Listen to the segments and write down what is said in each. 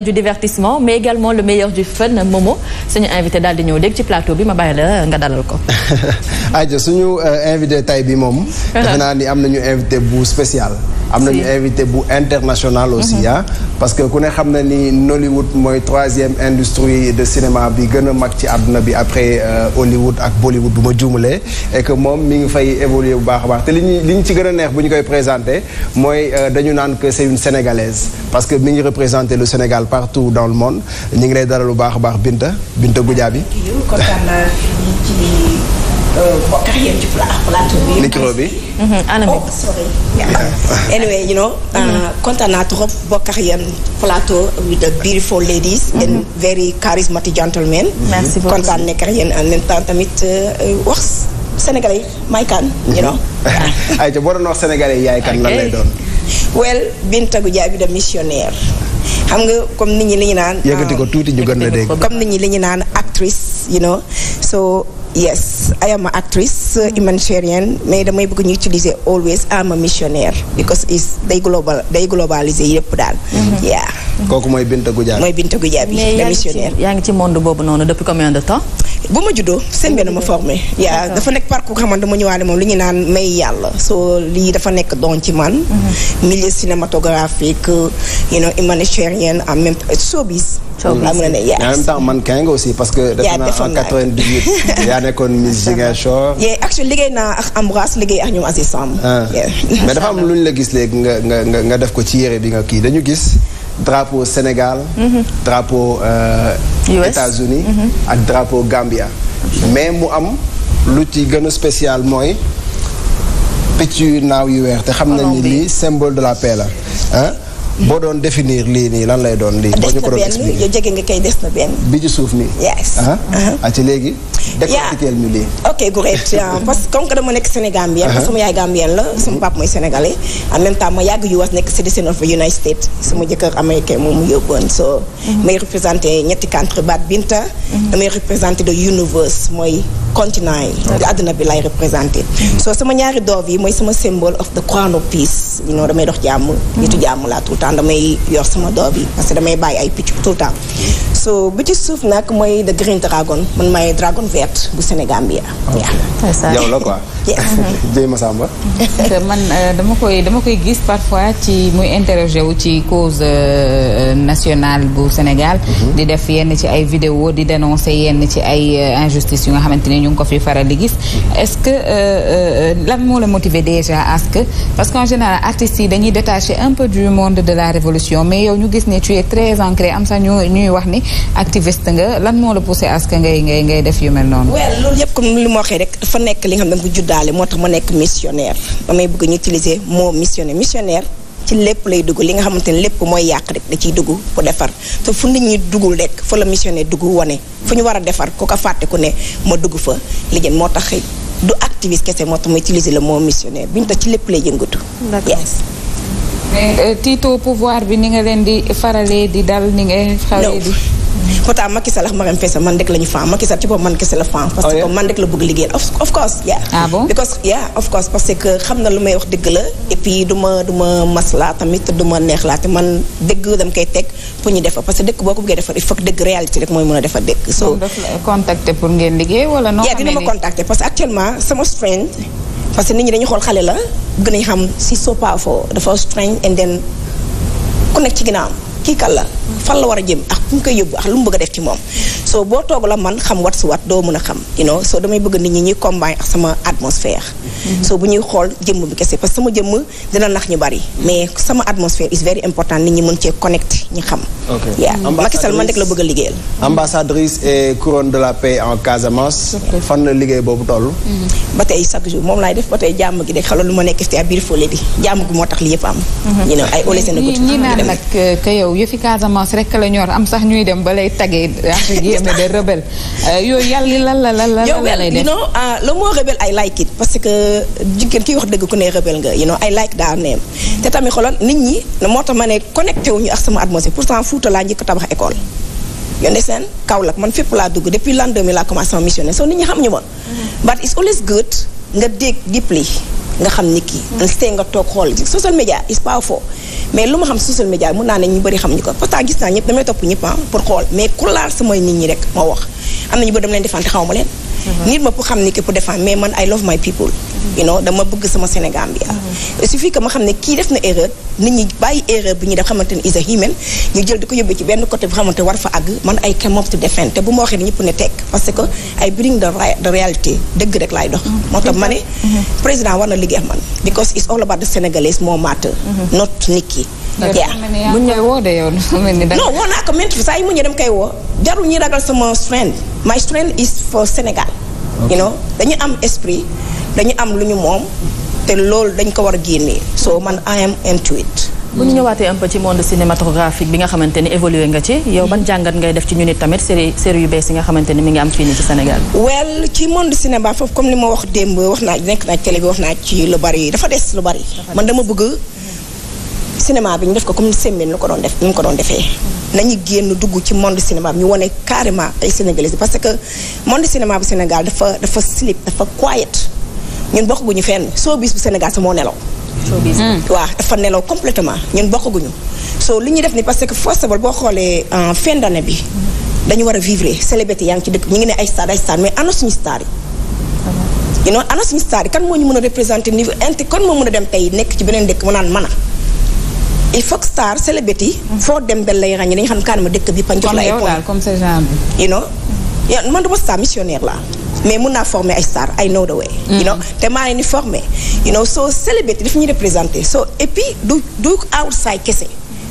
du divertissement mais également le meilleur du fun Momo ñu invité daal di ñëw dégg ci plateau bi ma bàyyi la nga dalal ko. aja suñu euh, invité tay bi moom. Uh-huh. defe am nañu invité bu spécial. am nañu invité bu international aussi uh-huh. ah. parce que ku ne xam na ni Nollywood mooy troisième industrie de cinéma bi gën a mag ci àdduna bi après euh, Hollywood ak Bollywood bu ma juumalee. et que moom mi ngi fay évoluer bu baax a baax te li ñu ci gën a neex bu ñu koy présenté mooy euh, dañu naan que c'est une sénégalaise parce que mi ngi représenté le Sénégal. partout dans le monde ñu ngi lay dalal baax a baax Binta Binta Goudia bi. bokk ak yéen ci euh, plateau bi. micro mhm, oh, anyway you euh, mhm. kontaan naa trop bokk ak plateau with the beautiful ladies. Mhm. and very charismatic gentlemen. kontaan nekk ak yéen temps tamit euh, wax sénégalais may kan. you boo doon wax sénégalais yaay kan lan lay doon. Binta Goudiaby de missionnaire. xam nga comme nit ñi li ñu naan. yëkkati ko tuuti ñu gën la dégg. comme nit ñi li ñu naan actrice you know so yes I am an actress uh, mm-hmm. humanitarian mais damay bëgg ñu utiliser always am a missionnaire because is day global day globaliser yëpp daal. Mm-hmm. yeah. Mm-hmm. kooku mooy Binta Goudiaby mooy Binta Goudiaby la missionnaire yaa ngi ci monde boobu noonu depuis combien de temps. ba ma juddoo seen benn ma formé. yaa dafa nekk parcours nga dama ñëwaale moom li ñu naan may yàlla soo lii dafa nekk don ci man. milieu cinématographique you know humanitarian en même showbiz. am yaa en même temps mannequin nga aussi parce que. yaa defoon naa ko def naa en 98. yaa nekkoon Miss Ziguinchor. yee actuellement liggéey naa ak Ambroise liggéey ak ñoom Aziz Samb. Ah. mais dafa am lu ñu la gis léegi nga nga def ko ci yére bi nga kii dañu gis. drapeau Sénégal. Mhm. drapeau euh, États-Unis mhm. ak drapeau Gambia. mais mu am lu ci gën a spécial mooy picc yu naaw yu weex te xam nañ ni lii symbole de la paix la boo doon définir lii nii lan lay doon lii. boo ñu ko doon expliqué jege nga kay des na benn. bi ci suuf nii. yes ah ci léegi. décortiquer ñu lii. ok great parce que comme que dama nekk Sénégal bi sama yaay Gambien la sama papa mooy sénégalais en même temps ma yàgg US nekk citizen of United States sama jëkkër américain moom mu yóbboon so mhm. may représenté ñetti country Bad Binta. Mhm. damay représenté the universe mooy. continent yi àdduna bi lay représenté mm-hmm. soo sama ñaari doof yi mooy sama symbole of the crown of peace you know damay dox jàmm mm-hmm. nitu jàmm laa tout le temps damay yor sama doof yi parce que damay bàyyi ay picc tout le so bi ci suuf nag mooy the green dragon man maay dragon vert bu Sénégambia. ok yow la quoi. Euh, man euh, dama koy dama koy gis parfois ci muy interroger wu ci cause euh, nationale bu Sénégal. Mhm. di def yenn ci ay vidéo di dénoncer yenn ci ay injustice yu nga xamante ni ñu ngi ko fi faral di gis. Mhm. est-ce que lan moo la motiver déjà à ce que parce qu'en général artistes yi dañuy détacher un peu du monde de la révolution mais yow ñu gis ne tu es très am sax ñu ñuy wax ni. activiste nga lan moo la poussé askan ngay ngay ngay def yu mel noonu. waaw loolu yëpp comme li ma waxee rek dafa nekk li nga xam ne ko juddaale moo tax ma nekk missionnaire damay bëgg ñu utiliser moo missionnaire missionnaire. ci lépp lay dugg li nga xamante ne lépp mooy yàq rek da ciy dugg pour defar te fu nit ñi duggul rek fa la missionnaire dugg wane fu ñu war a defar ku ko fàtte ku ne ma dugg fa li ngeen moo tax du activiste kese moo tax ma utiliser la mot missionnaire bi ñu tax ci lépp lay yëngatu. yes mais euh, tiito pouvoir bi ni nga leen di faralee di dal ni nga. faralee di. pourtant Macky Sall ak Marième Faye man rek la ñu fan ci boppam man kese la fan parce oh, que man rek la bëgg liggéeyal of course yeah ah because yeah of course parce que xam na lu may wax dëgg la et puis du ma du ma maslaa tamit du ma neex laa te man dëgg dama koy teg pour ñu defar parce que dëkk boo ko bëggee defar il faut que dëgg réalité rek mooy mën a defar dëkk so daf pour ngeen liggéey wala non yeah dina ma contacté parce actuellement sama strength parce que nit ñi dañu xool xale la bëgg nañu xam si soo paafoo dafa strength ku nekk ci ginnaawam kii kan la fan la war a jëm ak fu mu koy yóbbu ak lu mu bëgg a def ci moom soo boo toog la man xam wat si wat doo mën a xam you know damay bëgg nit ñi combine ak sama atmosphère mm-hmm. soo bu ñuy xool jëmm bi kese parce que sama jëmm dina nax ñu bari mais sama atmosphère is very important nit ñi mën cee connect ñi xam yaa Macky la bëgg a liggéeyal ambassadrice et couronne de la paix en Casamance fan liggéey boobu toll mm-hmm. ba tey chaque jour moom laay def ba tey jàmm gi de xelal lu ma nekk ci biir am ñu ne ay olesena yëfi Casamance rek la ñor am sax ñuy dem ba lay tagee entre guillemets des lan la lan la la lay def non ah, le mot I like it parce que jigéen kiy wax dëgg ku ne rebelle nga you know I like daa neem te tamit xoloon nit ñi moo tax ma ne connecté wuñu ak sama atmosphère pourtant Fuuta laa njëkk tabax école yonde seen Kaolack man fépp laa dugg depuis l'an 2000 laa commencé ma missionnaire so nit ñi xam ñu ma but it's always good nga dégg deeply nga xam nit ki mm-hmm. and nga toog xool social media is mais lu ma xam social media mun naa ne ñu bëri xam ñu ko pourtant gis naa ñëpp damay topp ñëpp ah pour xool mais ku laal samay nit ñi rek moo wax am na ñu bëri dama leen di fànte leen Mhm. nit ma pour xam ni que pour défendre mais man I love my people. Mhm. you know dama bëgg sama Sénégal bi mhm. il suffit que ma xam ne kii def na erreur nit ñi bàyyi erreur bu ñu def xamante ne is a human ñu jël di ko yóbbee ci benn côté bi xamante war fa àgg man ay came up to defend te bu ma waxee ne ñëpp ne tekk parce que ay bring the réalité dëgg rek laay dox moo tax ma ne président war na liggéey man because it's all about the Senegalese moo matter not nit jeex buñ ñooy woo de yow non woo naa ko maintes saa yi mu ñëw dem koy woo jarul ñuy ragal sama strength my strength is dañu am esprit dañu am lu ñu moom te loolu dañ ko war a génnee so man I ñu ñëwaatee un peu ci monde cinématographique bi nga xamante ni évolué nga ci yow ban jàngat ngay def ci ñu nit tamit série série yu bees yi nga xamante ni mi ngi am fii nii ci Sénégal well ci monde cinéma foofu comme li ma wax démb wax naa nekk naa télé bi wax naa ci lu bari dafa des lu bari man dama bëgg cinéma bi ñu def ko comme semaine nu ko doon def nu mu ko doon defee. nañu génn dugg ci monde cinéma bi ñu wane carrément ay sénégalais parce que monde bu Sénégal dafa dafa slip dafa quiet ñun bokkuñu fenn showbiz bu Sénégal sa moo nelaw. showbiz hmm. waaw dafa nelaw complètement ñun bokkuñu. so li ñuy def ni parce que first of all boo xoolee euh, fin d'année bi. dañu war a vivre célébrité yaa ngi ci dëkk ñu ngi ne ay star ay star mais ana suñu star yi. Ah ana suñu star yi kan moo ñu mën a représenter niveau inter moo mën a dem tey nekk ci beneen dëkk mu naan mën a. il faut que star célébrité foo dem benn lay ràññee dañu xam kaan ma dëkk bi pañ jox la ay point comme ce genre you man duma star missionnaire la mais mun naa former ay star I know the way you know mm. te maa leen di former you know soo célébrité daf ñuy représenter so et puis du du outside kese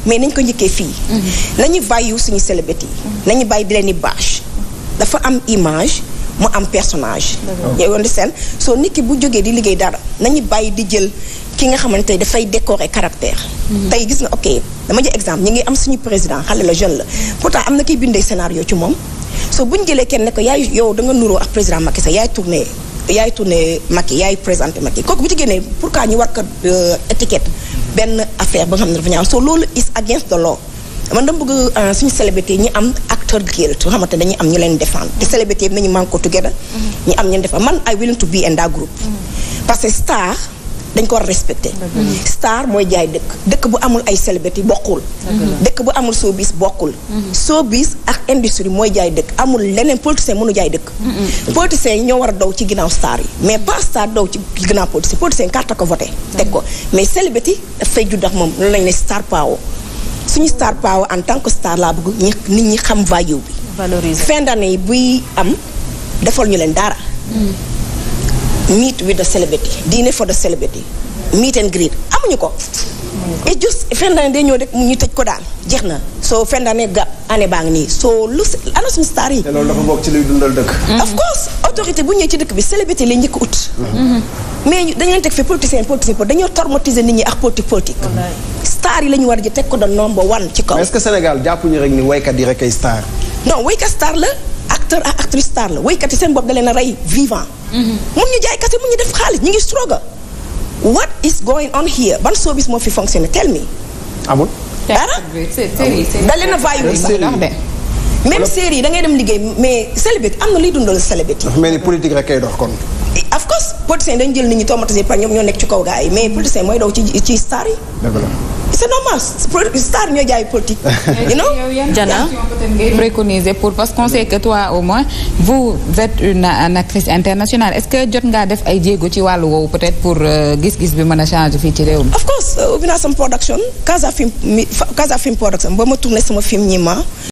mais nañ ko njëkkee fii mm-hmm. nañu bàyyi suñu célébrité yi mm-hmm. nañu bàyyi di leen di bâche dafa am image mu am personage yow yoon di seen soo nit ki bu jógee di liggéey dara nañu bàyyi di jël ki nga xamante ne dafay décorer caractère mm-hmm. tey gis na ok dama jël exemple ñu ngi am suñu président xale la jeune la pourtant am na kiy bindee scénario ci moom soo bu ñu jëlee kenn ne ko yaay yow da nga nuroo ak président Macky Sall yaay tourné yaay tourné Macky yaay présenté Macky kooku bu ci génnee pourquoi ñu war ko euh, étiquette benn affaire ba nga xam ne dafa ñaaw soo loolu is against the law man dama bëgg euh, suñu célébrité ñi am acteur guild yoo xamante dañuy am ñu leen défendre te célébrité yi nañu manko together mhm. ñi am ñeen défendre man I willing to be in that group mhm. parce que star dañ ko war a respecté mhm. star mooy jaay dëkk dëkk bu amul ay célébrité bokkul dëkk bu amul showbiz bokkul showbiz ak industrie mooy jaay dëkk amul leneen politicien mënu jaay dëkk politicien yi ñoo war a daw ci ginnaaw star yi mais pas star daw ci ginnaaw politicien politicien carte ko voté mais célébrité dafay judd moom lañ ne star power suñu star power en tant que star laa bëgg ñi nit ñi xam valeur bi. valoriser fin d'année yi buy am defal ñu leen dara. Hmm. meet with the celebrity dîner for the celebrity meet and greet amuñu ko. et juste fin d'année day ñëw rek ñu tëj ko daal jeex na soo fin d'année gab année baa ngi nii soo lu si ana suñu star yi. te loolu dafa bokk ci luy dundal dëkk. Hmm. of course autorité bu ñëwee ci dëkk bi célébrité lay njëkk ut. Hmm. mais dañu leen teg fi politicien politicien dañoo traumatiser nit ñi ak politique politique. star yi la ñu war ji teg ko doon number one ci kaw. est-ce que Sénégal jàppuñu rek ni waykat yi rek ay star. non waykat star la acteur ak actrice star la waykat yi seen bopp da leen a rey vivant. Mm-hmm. mun ñu jaay kase mun ñu def xaalis ñu ngi struggle. what is going on here ban service moo fi fonctionné tell me. amul. dara da leen sax même série da dem liggéey mais célébrité am na luy dundal célébrité. dafa mel ni politique rek kay dox kon. of course politiciens nekk ci kaw gars c'est normal star ñoo jaay politique. you know Diana préconiser pour parce qu'on que toi au moins vous êtes une une actrice internationale est-ce que jot ngaa def ay jéego ci wàllu woowu peut-être pour euh, gis-gis bi mën a change fii ci réew mi. of course euh, ubbi naa sama production Casa Film Casa Film production ba ma tourné sama film ñi ma.